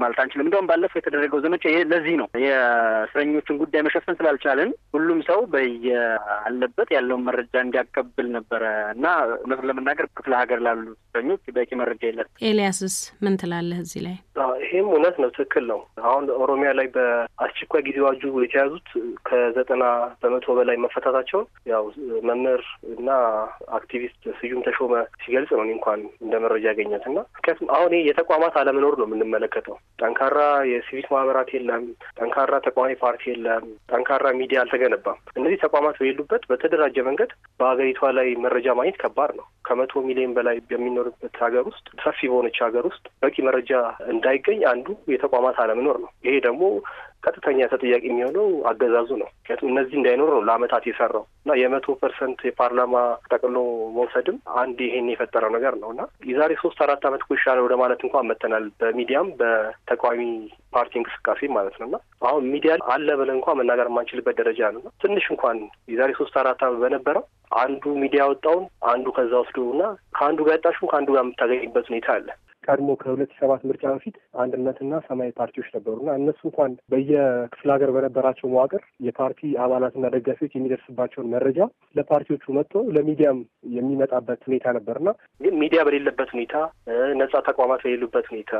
D: ማለት አንችልም። እንደውም ባለፈው የተደረገው ዘመቻ ይሄ ለዚህ ነው የእስረኞችን ጉዳይ መሸፈን ስላልቻልን ሁሉም ሰው በየአለበት ያለውን መረጃ እንዲያቀብል ነበረ እና እውነቱን ለመናገር ክፍለ ሀገር ላሉ እስረኞች በቂ መረጃ የለም።
B: ኤልያስስ ምን ትላለህ እዚህ ላይ?
D: ይህም እውነት ነው፣ ትክክል ነው። አሁን ኦሮሚያ ላይ በአስቸኳይ ጊዜ አዋጁ የተያዙት ከዘጠና በመቶ በላይ መፈታታቸውን ያው መምህር እና አክቲቪስት ስዩም ተሾመ ሲገልጽ ነው እኔ እንኳን እንደ መረጃ ያገኘት እና ምክንያቱም አሁን የተቋማት አለመኖር ነው የምንመለከተው። ጠንካራ የሲቪክ ማህበራት የለም፣ ጠንካራ ተቃዋሚ ፓርቲ የለም፣ ጠንካራ ሚዲያ አልተገነባም። እነዚህ ተቋማት በሌሉበት በተደራጀ መንገድ በሀገሪቷ ላይ መረጃ ማግኘት ከባድ ነው። ከመቶ ሚሊዮን በላይ በሚኖርበት ሀገር ውስጥ ሰፊ በሆነች ሀገር ውስጥ በቂ መረጃ እንዳይገኝ አንዱ የተቋማት አለመኖር ነው። ይሄ ደግሞ ቀጥተኛ ተጠያቂ የሚሆነው አገዛዙ ነው። ምክንያቱም እነዚህ እንዳይኖር ነው ለአመታት የሰራው እና የመቶ ፐርሰንት የፓርላማ ጠቅሎ መውሰድም አንድ ይሄን የፈጠረው ነገር ነው እና የዛሬ ሶስት አራት አመት እኮ ይሻላል ወደ ማለት እንኳን መተናል። በሚዲያም በተቃዋሚ ፓርቲ እንቅስቃሴ ማለት ነው እና አሁን ሚዲያ አለ ብለን እንኳን መናገር የማንችልበት ደረጃ ነው። ትንሽ እንኳን የዛሬ ሶስት አራት አመት በነበረው አንዱ ሚዲያ ወጣውን አንዱ ከዛ ወስዶ እና ከአንዱ ጋር ያጣሹ ከአንዱ ጋር የምታገኝበት ሁኔታ አለ። ቀድሞ ከሁለት ሰባት ምርጫ በፊት አንድነትና ሰማያዊ ፓርቲዎች ነበሩና እነሱ እንኳን በየክፍለ ሀገር በነበራቸው መዋቅር የፓርቲ አባላትና ደጋፊዎች የሚደርስባቸውን መረጃ ለፓርቲዎቹ መጥቶ ለሚዲያም የሚመጣበት ሁኔታ ነበርና ግን ሚዲያ በሌለበት ሁኔታ ነጻ ተቋማት በሌሉበት ሁኔታ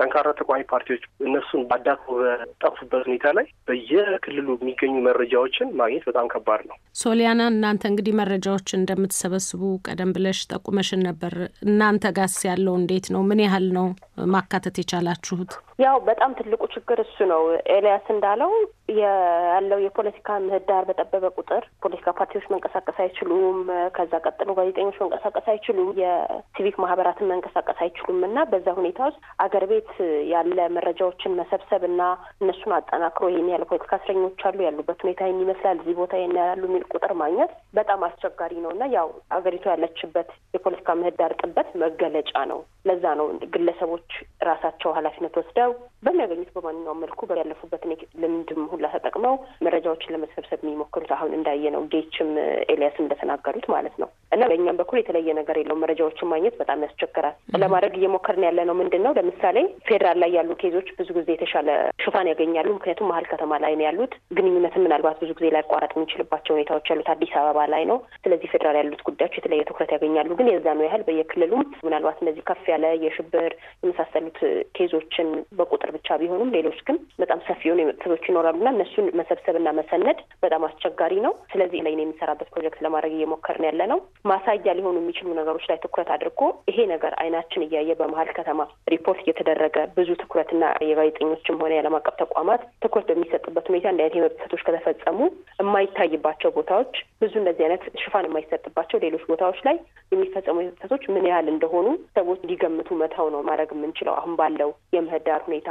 D: ጠንካራ ተቋሚ ፓርቲዎች እነሱን ባዳቶ በጠፉበት ሁኔታ ላይ በየክልሉ የሚገኙ መረጃዎችን ማግኘት በጣም ከባድ ነው።
B: ሶሊያና፣ እናንተ እንግዲህ መረጃዎችን እንደምትሰበስቡ ቀደም ብለሽ ጠቁመሽን ነበር። እናንተ ጋስ ያለው እንዴት ነው? ምን ያህል ነው ማካተት የቻላችሁት?
C: ያው በጣም ትልቁ ችግር እሱ ነው። ኤልያስ እንዳለው ያለው የፖለቲካ ምህዳር በጠበበ ቁጥር ፖለቲካ ፓርቲዎች መንቀሳቀስ አይችሉም። ከዛ ቀጥሎ ጋዜጠኞች መንቀሳቀስ አይችሉም። የሲቪክ ማህበራትን መንቀሳቀስ አይችሉም እና በዛ ሁኔታ ውስጥ አገር ቤት ያለ መረጃዎችን መሰብሰብ እና እነሱን አጠናክሮ ይህን ያለ ፖለቲካ እስረኞች አሉ ያሉበት ሁኔታ ይህን ይመስላል፣ እዚህ ቦታ ይህን ያሉ የሚል ቁጥር ማግኘት በጣም አስቸጋሪ ነው እና ያው አገሪቱ ያለችበት የፖለቲካ ምህዳር ጥበት መገለጫ ነው። ለዛ ነው ግለሰቦች ራሳቸው ኃላፊነት ወስደው So በሚያገኙት በማንኛውም መልኩ ያለፉበትን ልምድም ሁላ ተጠቅመው መረጃዎችን ለመሰብሰብ የሚሞክሩት አሁን እንዳየ ነው። ጌችም ኤልያስም እንደተናገሩት ማለት ነው። እና በእኛም በኩል የተለየ ነገር የለውም። መረጃዎችን ማግኘት በጣም ያስቸግራል። ለማድረግ እየሞከርን ያለ ነው ምንድን ነው፣ ለምሳሌ ፌዴራል ላይ ያሉ ኬዞች ብዙ ጊዜ የተሻለ ሽፋን ያገኛሉ። ምክንያቱም መሀል ከተማ ላይ ነው ያሉት። ግንኙነትን ምናልባት ብዙ ጊዜ ላይቋረጥ የሚችልባቸው ሁኔታዎች ያሉት አዲስ አበባ ላይ ነው። ስለዚህ ፌዴራል ያሉት ጉዳዮች የተለየ ትኩረት ያገኛሉ። ግን የዛ ነው ያህል በየክልሉም ምናልባት እነዚህ ከፍ ያለ የሽብር የመሳሰሉት ኬዞችን በቁጥር በገጠር ብቻ ቢሆኑም ሌሎች ግን በጣም ሰፊ የሆኑ መብቶች ይኖራሉና እነሱን መሰብሰብና መሰነድ በጣም አስቸጋሪ ነው። ስለዚህ ላይ የሚሰራበት ፕሮጀክት ለማድረግ እየሞከርን ያለ ነው። ማሳያ ሊሆኑ የሚችሉ ነገሮች ላይ ትኩረት አድርጎ ይሄ ነገር አይናችን እያየ በመሀል ከተማ ሪፖርት እየተደረገ ብዙ ትኩረትና የጋዜጠኞችም ሆነ የዓለም አቀፍ ተቋማት ትኩረት በሚሰጥበት ሁኔታ እንዲህ አይነት የመብት ጥሰቶች ከተፈጸሙ የማይታይባቸው ቦታዎች ብዙ እነዚህ አይነት ሽፋን የማይሰጥባቸው ሌሎች ቦታዎች ላይ የሚፈጸሙ የመብት ጥሰቶች ምን ያህል እንደሆኑ ሰዎች እንዲገምቱ መተው ነው ማድረግ የምንችለው አሁን ባለው የምህዳር ሁኔታ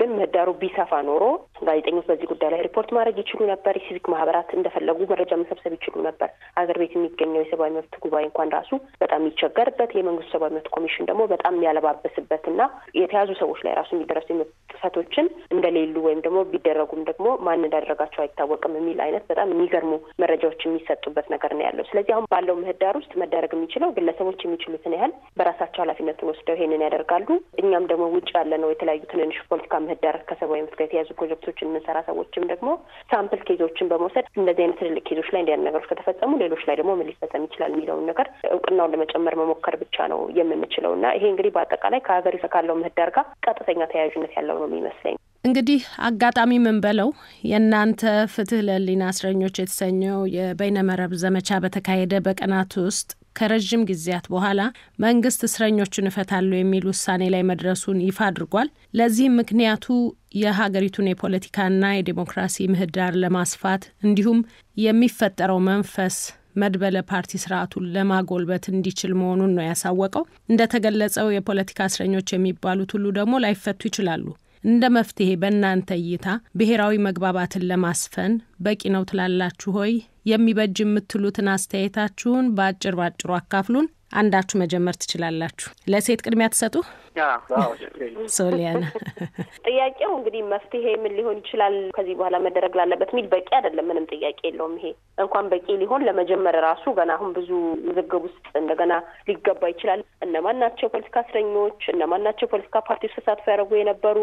C: ግን ምህዳሩ ቢሰፋ ኖሮ ጋዜጠኞች በዚህ ጉዳይ ላይ ሪፖርት ማድረግ ይችሉ ነበር። የሲቪክ ማህበራት እንደፈለጉ መረጃ መሰብሰብ ይችሉ ነበር። አገር ቤት የሚገኘው የሰብአዊ መብት ጉባኤ እንኳን ራሱ በጣም የሚቸገርበት፣ የመንግስቱ ሰብአዊ መብት ኮሚሽን ደግሞ በጣም ያለባበስበት እና የተያዙ ሰዎች ላይ ራሱ የሚደረሱ የመብት ጥሰቶችን እንደሌሉ ወይም ደግሞ ቢደረጉም ደግሞ ማን እንዳደረጋቸው አይታወቅም የሚል አይነት በጣም የሚገርሙ መረጃዎች የሚሰጡበት ነገር ነው ያለው። ስለዚህ አሁን ባለው ምህዳር ውስጥ መደረግ የሚችለው ግለሰቦች የሚችሉትን ያህል በራሳቸው ኃላፊነቱን ወስደው ይሄንን ያደርጋሉ። እኛም ደግሞ ውጭ ያለ ነው የተለያዩ ትንንሽ ፖለቲካ ምህዳር ከሰብ ወይም ጋር የተያዙ ፕሮጀክቶችን የምንሰራ ሰዎችም ደግሞ ሳምፕል ኬዞችን በመውሰድ እንደዚህ አይነት ትልልቅ ኬዞች ላይ እንዲያን ነገሮች ከተፈጸሙ ሌሎች ላይ ደግሞ ምን ሊፈጸም ይችላል የሚለውን ነገር እውቅናውን ለመጨመር መሞከር ብቻ ነው የምንችለው እና ይሄ እንግዲህ በአጠቃላይ ከሀገር ካለው ምህዳር ጋር ቀጥተኛ ተያያዥነት ያለው ነው የሚመስለኝ።
B: እንግዲህ አጋጣሚ ምን በለው የእናንተ ፍትህ ለሊና እስረኞች የተሰኘው የበይነመረብ ዘመቻ በተካሄደ በቀናት ውስጥ ከረዥም ጊዜያት በኋላ መንግስት እስረኞቹን እፈታለሁ የሚል ውሳኔ ላይ መድረሱን ይፋ አድርጓል። ለዚህም ምክንያቱ የሀገሪቱን የፖለቲካና የዴሞክራሲ ምህዳር ለማስፋት እንዲሁም የሚፈጠረው መንፈስ መድበለ ፓርቲ ስርዓቱን ለማጎልበት እንዲችል መሆኑን ነው ያሳወቀው። እንደተገለጸው የፖለቲካ እስረኞች የሚባሉት ሁሉ ደግሞ ላይፈቱ ይችላሉ። እንደ መፍትሄ በእናንተ እይታ ብሔራዊ መግባባትን ለማስፈን በቂ ነው ትላላችሁ ሆይ? የሚበጅ የምትሉትን አስተያየታችሁን በአጭር ባጭሩ አካፍሉን። አንዳችሁ መጀመር ትችላላችሁ። ለሴት ቅድሚያ ትሰጡ?
C: ሶሊያና፣ ጥያቄው እንግዲህ መፍትሄ ምን ሊሆን ይችላል ከዚህ በኋላ መደረግ ላለበት የሚል በቂ አይደለም። ምንም ጥያቄ የለውም። ይሄ እንኳን በቂ ሊሆን ለመጀመር ራሱ ገና አሁን ብዙ ውዝግብ ውስጥ እንደገና ሊገባ ይችላል። እነማን ናቸው ፖለቲካ እስረኞች? እነማን ናቸው ፖለቲካ ፓርቲ ተሳትፎ ያደረጉ የነበሩ?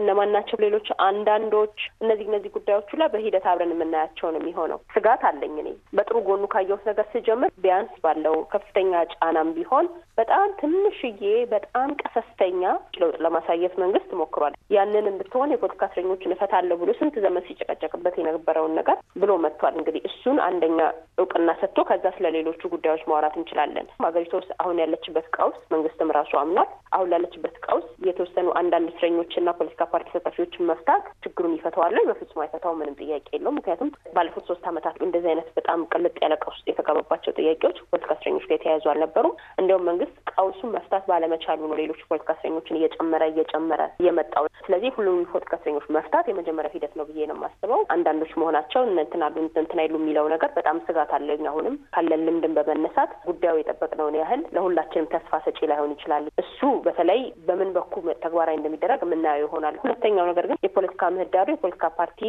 C: እነማን ናቸው ሌሎች አንዳንዶች? እነዚህ እነዚህ ጉዳዮቹ ሁላ በሂደት አብረን የምናያቸው ነው የሚሆነው። ስጋት አለኝ እኔ በጥሩ ጎኑ ካየሁት ነገር ስጀምር ቢያንስ ባለው ከፍተኛ ጫናም ቢሆን በጣም ትንሽዬ በጣም ቀሰ ከፍተኛ ለውጥ ለማሳየት መንግስት ሞክሯል። ያንንም ብትሆን የፖለቲካ እስረኞችን እፈታለሁ ብሎ ስንት ዘመን ሲጨቀጨቅበት የነበረውን ነገር ብሎ መጥቷል። እንግዲህ እሱን አንደኛ እውቅና ሰጥቶ ከዛ ስለ ሌሎቹ ጉዳዮች ማውራት እንችላለን። ሀገሪቱ ውስጥ አሁን ያለችበት ቀውስ መንግስትም ራሱ አምኗል። አሁን ላለችበት ቀውስ የተወሰኑ አንዳንድ እስረኞችና ፖለቲካ ፓርቲ ተሳታፊዎችን መፍታት ችግሩን ይፈተዋል? በፍጹም አይፈታው፣ ምንም ጥያቄ የለው። ምክንያቱም ባለፉት ሶስት ዓመታት እንደዚህ አይነት በጣም ቅልጥ ያለ ቀውስ ውስጥ የተገባባቸው ጥያቄዎች ፖለቲካ እስረኞች ጋር የተያያዙ አልነበሩም። እንዲያውም መንግስት ቀውሱን መፍታት ባለመቻሉ ነው ሌሎች ፖለቲካ እስረኞችን እየጨመረ እየጨመረ እየመጣው። ስለዚህ ሁሉም ፖለቲካ መፍታት የመጀመሪያ ሂደት ነው ብዬ ነው የማስበው። አንዳንዶች መሆናቸው እንትን አሉ እንትን አይሉ የሚለው ነገር በጣም ስጋት አለኝ። አሁንም ካለን ልምድን በመነሳት ጉዳዩ የጠበቅነውን ያህል ለሁላችንም ተስፋ ሰጪ ላይሆን ይችላል። እሱ በተለይ በምን በኩል ተግባራዊ እንደሚደረግ የምናየው ይሆናል። ሁለተኛው ነገር ግን የፖለቲካ ምህዳሩ የፖለቲካ ፓርቲ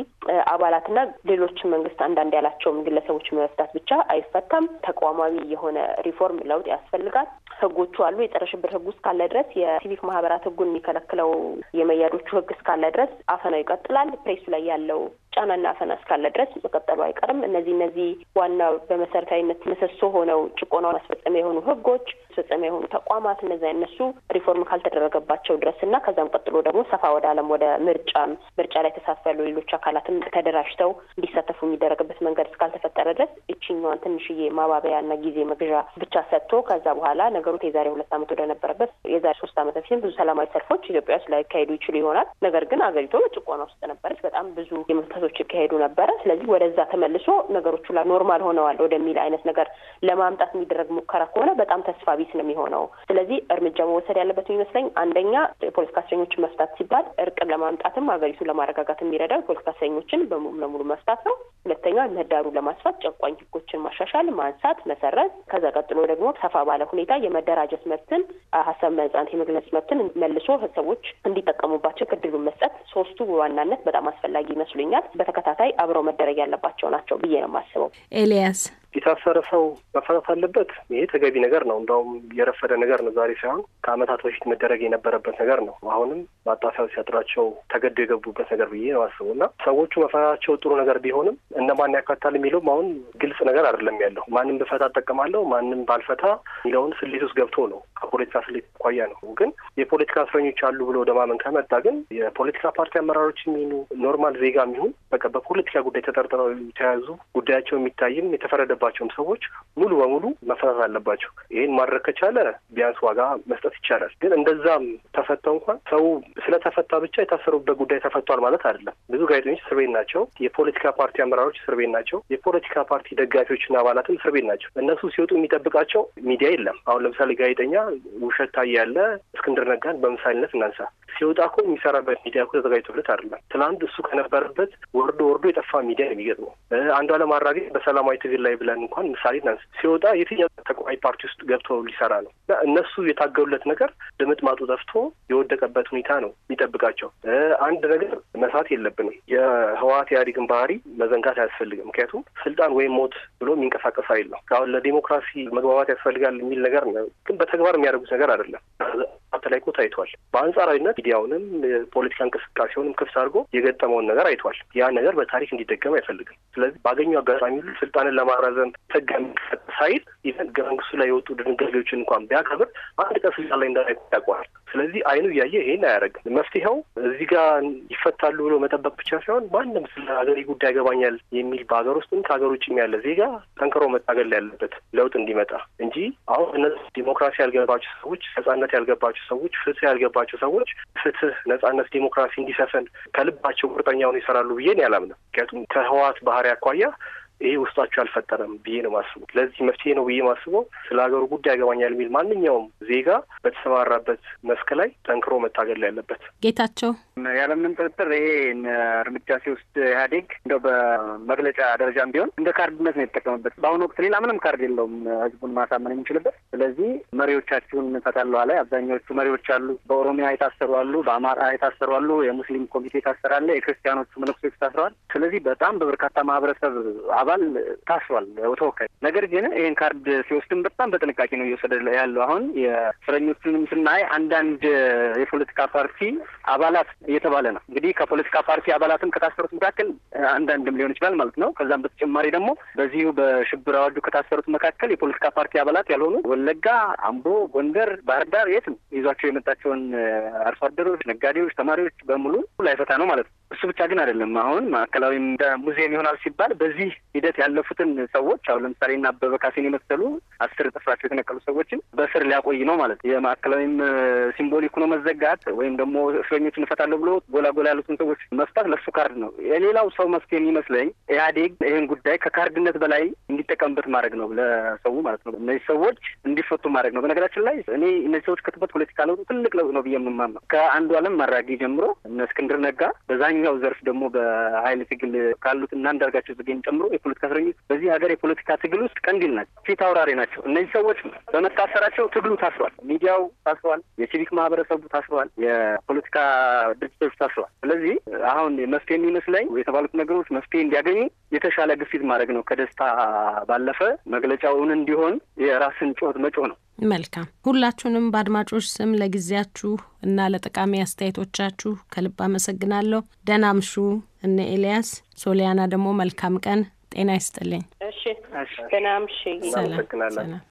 C: አባላትና ሌሎች መንግስት አንዳንድ ያላቸውም ግለሰቦች መፍታት ብቻ አይፈታም። ተቋማዊ የሆነ ሪፎርም ለውጥ ያስፈልጋል። ህጎቹ አሉ። የጸረ ሽብር ህጉ እስካለ ድረስ የሲቪክ ማህበራት ህጉን የሚከለክለው የመያዶቹ ህግ እስካለ ድረስ አፈናው ይቀጥላል። ፕሬሱ ላይ ያለው ጫናና አፈና እስካለ ድረስ መቀጠሉ አይቀርም። እነዚህ እነዚህ ዋና በመሰረታዊነት ምሰሶ ሆነው ጭቆና ማስፈጸሚያ የሆኑ ህጎች ማስፈጸሚያ የሆኑ ተቋማት እነዚ እነሱ ሪፎርም ካልተደረገባቸው ድረስ እና ከዛም ቀጥሎ ደግሞ ሰፋ ወደ አለም ወደ ምርጫም ምርጫ ላይ ተሳትፎ ያሉ ሌሎች አካላትም ተደራጅተው እንዲሳተፉ የሚደረግበት መንገድ እስካልተፈጠረ ድረስ እችኛዋን ትንሽዬ ማባበያና ጊዜ መግዣ ብቻ ሰጥቶ ከዛ በኋላ ነገ ከነበሩት የዛሬ ሁለት ዓመት ወደነበረበት የዛሬ ሶስት ዓመት በፊትም ብዙ ሰላማዊ ሰልፎች ኢትዮጵያ ውስጥ ላይካሄዱ ይችሉ ይሆናል። ነገር ግን አገሪቱ በጭቆና ውስጥ ነበረች። በጣም ብዙ የመፍተቶች ይካሄዱ ነበረ። ስለዚህ ወደዛ ተመልሶ ነገሮቹ ላይ ኖርማል ሆነዋል ወደሚል አይነት ነገር ለማምጣት የሚደረግ ሙከራ ከሆነ በጣም ተስፋ ቢስ ነው የሚሆነው። ስለዚህ እርምጃ መወሰድ ያለበት የሚመስለኝ አንደኛ የፖለቲካ እስረኞችን መፍታት ሲባል እርቅን ለማምጣትም ሀገሪቱ ለማረጋጋት የሚረዳው የፖለቲካ እስረኞችን በሙሉ ለሙሉ መፍታት ነው። ሁለተኛ ምህዳሩ ለማስፋት ጨቋኝ ህጎችን ማሻሻል፣ ማንሳት፣ መሰረዝ ከዛ ቀጥሎ ደግሞ ሰፋ ባለ ሁኔታ የመደራጀት መብትን፣ ሀሳብ በነጻነት የመግለጽ መብትን መልሶ ሰዎች እንዲጠቀሙባቸው እድሉን መስጠት ሶስቱ በዋናነት በጣም አስፈላጊ ይመስሉኛል። በተከታታይ አብረው መደረግ ያለባቸው ናቸው ብዬ ነው የማስበው።
D: ኤልያስ የታሰረ ሰው መፈታት አለበት። ይሄ ተገቢ ነገር ነው። እንደውም የረፈደ ነገር ነው። ዛሬ ሳይሆን ከአመታት በፊት መደረግ የነበረበት ነገር ነው። አሁንም ማጣፊያው ሲያጥራቸው ተገዶ የገቡበት ነገር ብዬ ነው አስቡ እና ሰዎቹ መፈታታቸው ጥሩ ነገር ቢሆንም እነማን ያካታል የሚለውም አሁን ግልጽ ነገር አይደለም ያለው። ማንም ብፈታ እጠቀማለሁ፣ ማንም ባልፈታ የሚለውን ስሌት ውስጥ ገብቶ ነው። ከፖለቲካ ስሌት አኳያ ነው። ግን የፖለቲካ እስረኞች አሉ ብሎ ወደ ማመን ከመጣ ግን የፖለቲካ ፓርቲ አመራሮች የሚሆኑ ኖርማል ዜጋ የሚሆን በቃ በፖለቲካ ጉዳይ ተጠርጥረው የተያዙ ጉዳያቸው የሚታይም የተፈረደ ያለባቸውም ሰዎች ሙሉ በሙሉ መፈታት አለባቸው። ይህን ማድረግ ከቻለ ቢያንስ ዋጋ መስጠት ይቻላል። ግን እንደዛም ተፈተው እንኳን ሰው ስለተፈታ ብቻ የታሰሩበት ጉዳይ ተፈቷል ማለት አይደለም። ብዙ ጋዜጠኞች እስር ቤት ናቸው። የፖለቲካ ፓርቲ አመራሮች እስር ቤት ናቸው። የፖለቲካ ፓርቲ ደጋፊዎችና አባላትም እስር ቤት ናቸው። እነሱ ሲወጡ የሚጠብቃቸው ሚዲያ የለም። አሁን ለምሳሌ ጋዜጠኛ ውሸት ታዬ ያለ እስክንድር ነጋን በምሳሌነት እናንሳ። ሲወጣ እኮ የሚሰራበት ሚዲያ እኮ ተዘጋጅቶለት አይደለም። ትናንት እሱ ከነበረበት ወርዶ ወርዶ የጠፋ ሚዲያ ነው የሚገጥመው። አለም አራጌ በሰላማዊ ትግል ላይ ብለ ብለን እንኳን ምሳሌ ናንስ ሲወጣ የትኛው ተቃዋሚ ፓርቲ ውስጥ ገብቶ ሊሰራ ነው? እና እነሱ የታገሉለት ነገር ድምጥማጡ ጠፍቶ የወደቀበት ሁኔታ ነው የሚጠብቃቸው። አንድ ነገር መሳት የለብንም። የህወሓት ኢህአዴግን ባህሪ መዘንጋት አያስፈልግም። ምክንያቱም ስልጣን ወይም ሞት ብሎ የሚንቀሳቀስ አይል ነው። አሁን ለዲሞክራሲ መግባባት ያስፈልጋል የሚል ነገር ነው፣ ግን በተግባር የሚያደርጉት ነገር አይደለም። ሰዓት ላይ እኮ ታይቷል። በአንጻራዊነት ሚዲያውንም ፖለቲካ እንቅስቃሴውንም ክፍት አድርጎ የገጠመውን ነገር አይቷል። ያ ነገር በታሪክ እንዲደገም አይፈልግም። ስለዚህ ባገኙ አጋጣሚ ሁሉ ስልጣንን ለማራዘም ህገ መንግስት ሳይል ኢቨን ህገ መንግስቱ ላይ የወጡ ድንጋጌዎችን እንኳን ቢያከብር አንድ ቀን ስልጣን ላይ እንዳላይ ያውቀዋል። ስለዚህ አይኑ እያየ ይሄን አያደርግም። መፍትሄው እዚህ ጋር ይፈታሉ ብሎ መጠበቅ ብቻ ሳይሆን ማንም ስለ ሀገሬ ጉዳይ ያገባኛል የሚል በሀገር ውስጥም ከሀገር ውጭም ያለ ዜጋ ጠንክሮ መታገል ያለበት ለውጥ እንዲመጣ እንጂ አሁን እነዚህ ዲሞክራሲ ያልገባቸው ሰዎች ነጻነት ያልገባቸው ሰዎች፣ ፍትህ ያልገባቸው ሰዎች ፍትህ፣ ነጻነት፣ ዴሞክራሲ እንዲሰፍን ከልባቸው ቁርጠኛውን ይሰራሉ ብዬ እኔ አላምንም። ምክንያቱም ከህወሓት ባህሪ አኳያ ይሄ ውስጣቸው አልፈጠረም ብዬ ነው ማስበው። ለዚህ መፍትሄ ነው ብዬ ማስበው ስለ ሀገሩ ጉዳይ ያገባኛል የሚል ማንኛውም ዜጋ በተሰማራበት መስክ ላይ ጠንክሮ መታገል ላይ ያለበት። ጌታቸው፣ ያለምንም ጥርጥር ይሄ እርምጃ ሲወስድ ኢህአዴግ እንደው በመግለጫ ደረጃም ቢሆን እንደ ካርድነት ነው የተጠቀመበት። በአሁኑ ወቅት ሌላ ምንም ካርድ የለውም ህዝቡን ማሳመን የሚችልበት። ስለዚህ መሪዎቻችሁን እንፈታለሁ ላይ አብዛኛዎቹ መሪዎች አሉ። በኦሮሚያ የታሰሩ አሉ፣ በአማራ የታሰሩ አሉ፣ የሙስሊም ኮሚቴ የታሰራለ፣ የክርስቲያኖቹ መነኩሴዎች ታስረዋል። ስለዚህ በጣም በበርካታ ማህበረሰብ አባ አባል ታስሯል በተወካይ ነገር ግን ይህን ካርድ ሲወስድም በጣም በጥንቃቄ ነው እየወሰደ ያለው። አሁን የእስረኞቹንም ስናይ አንዳንድ የፖለቲካ ፓርቲ አባላት እየተባለ ነው እንግዲህ ከፖለቲካ ፓርቲ አባላትም ከታሰሩት መካከል አንዳንድም ሊሆን ይችላል ማለት ነው። ከዛም በተጨማሪ ደግሞ በዚሁ በሽብር አዋጁ ከታሰሩት መካከል የፖለቲካ ፓርቲ አባላት ያልሆኑ ወለጋ፣ አምቦ፣ ጎንደር፣ ባህር ዳር የትም ይዟቸው የመጣቸውን አርሶ አደሮች፣ ነጋዴዎች፣ ተማሪዎች በሙሉ ላይፈታ ነው ማለት ነው። እሱ ብቻ ግን አይደለም። አሁን ማዕከላዊ ሙዚየም ይሆናል ሲባል በዚህ ሂደት ያለፉትን ሰዎች አሁን ለምሳሌ እና አበበ ካሴን የመሰሉ አስር ጥፍራቸው የተነቀሉ ሰዎችን በስር ሊያቆይ ነው ማለት የማዕከላዊም ሲምቦሊክ ሆኖ መዘጋት ወይም ደግሞ እስረኞች እንፈታለሁ ብሎ ጎላ ጎላ ያሉትን ሰዎች መፍታት ለሱ ካርድ ነው። የሌላው ሰው መፍትሄ የሚመስለኝ ኢህአዴግ ይህን ጉዳይ ከካርድነት በላይ እንዲጠቀምበት ማድረግ ነው ለሰው ማለት ነው። እነዚህ ሰዎች እንዲፈቱ ማድረግ ነው። በነገራችን ላይ እኔ እነዚህ ሰዎች ከትበት ፖለቲካ ለውጡ ትልቅ ለውጥ ነው ብዬ የምማማ ከአንዱ አለም ማራጊ ጀምሮ እነ እስክንድር ነጋ በዛኛ በየትኛው ዘርፍ ደግሞ በሀይል ትግል ካሉት እናንዳርጋቸው ጽጌን ጨምሮ የፖለቲካ እስረኞች በዚህ ሀገር የፖለቲካ ትግል ውስጥ ቀንዲል ናቸው፣ ፊት አውራሪ ናቸው። እነዚህ ሰዎች በመታሰራቸው ትግሉ ታስሯል፣ ሚዲያው ታስሯል፣ የሲቪክ ማህበረሰቡ ታስሯል፣ የፖለቲካ ድርጅቶች ታስሯል። ስለዚህ አሁን መፍትሄ የሚመስለኝ የተባሉት ነገሮች መፍትሄ እንዲያገኙ የተሻለ ግፊት ማድረግ ነው። ከደስታ ባለፈ መግለጫውን እንዲሆን የራስን ጩኸት መጮህ ነው።
B: መልካም ሁላችሁንም በአድማጮች ስም ለጊዜያችሁ እና ለጠቃሚ አስተያየቶቻችሁ ከልብ አመሰግናለሁ። ደህና አምሹ። እነ ኤልያስ ሶሊያና ደግሞ መልካም ቀን። ጤና ይስጥልኝ።
C: እሺ፣ ደህና ሰላም።